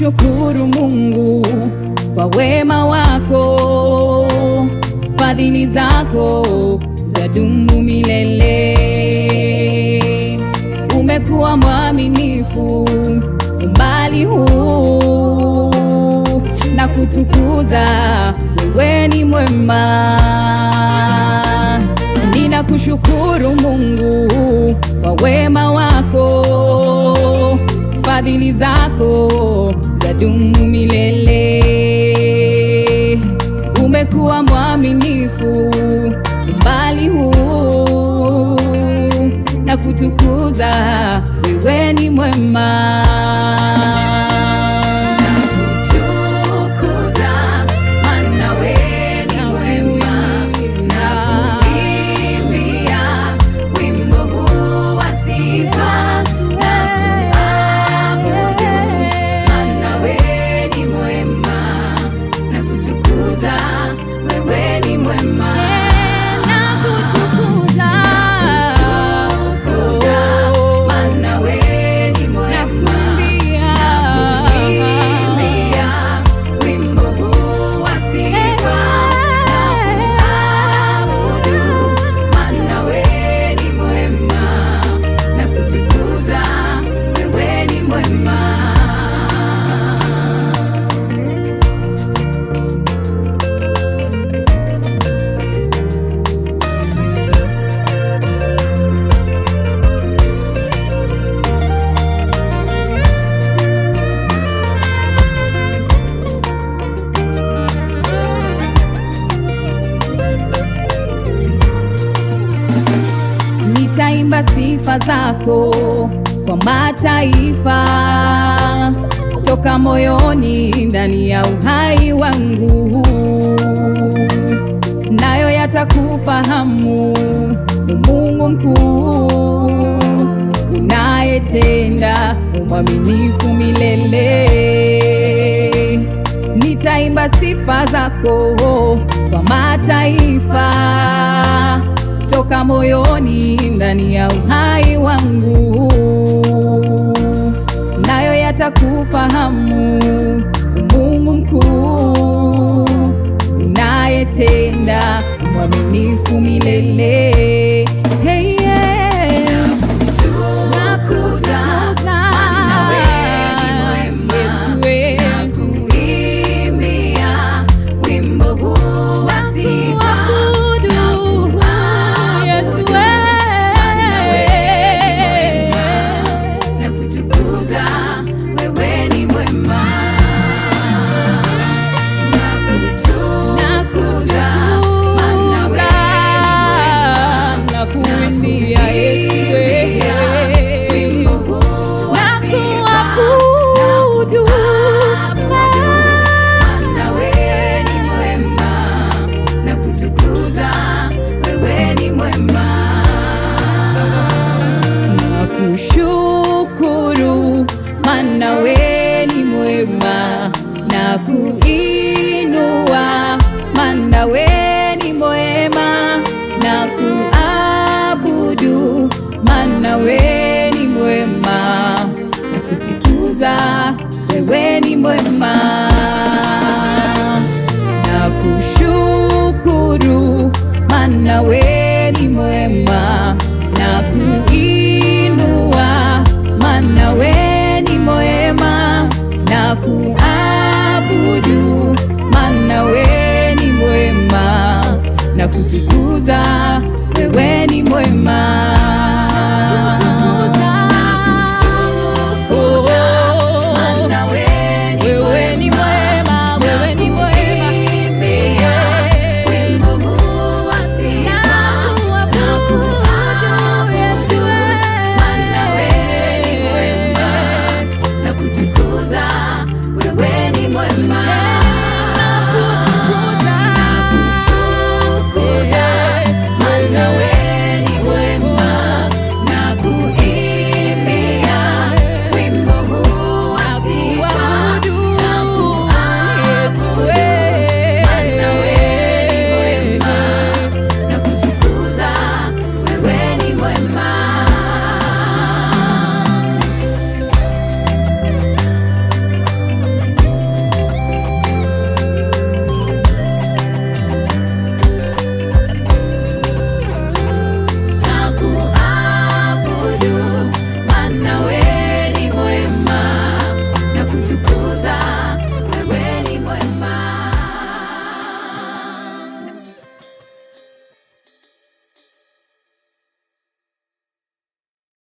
shukuru Mungu kwa wema wako, fadhili zako za dumu milele. Umekuwa mwaminifu umbali huu, na kutukuza wewe ni mwema Fadhili zako za dumu milele. Umekuwa mwaminifu mbali huu, na kutukuza wewe ni mwema. kuimba sifa zako kwa mataifa, toka moyoni, ndani ya uhai wangu, nayo yatakufahamu Mungu mkuu, unayetenda umwaminifu milele. Nitaimba sifa zako kwa mataifa kutoka moyoni ndani ya uhai wangu. kuinua, maana we ni mwema, na kuabudu, maana we ni mwema, na kutukuza, wewe ni mwema, na kushukuru, maana we ni mwema, na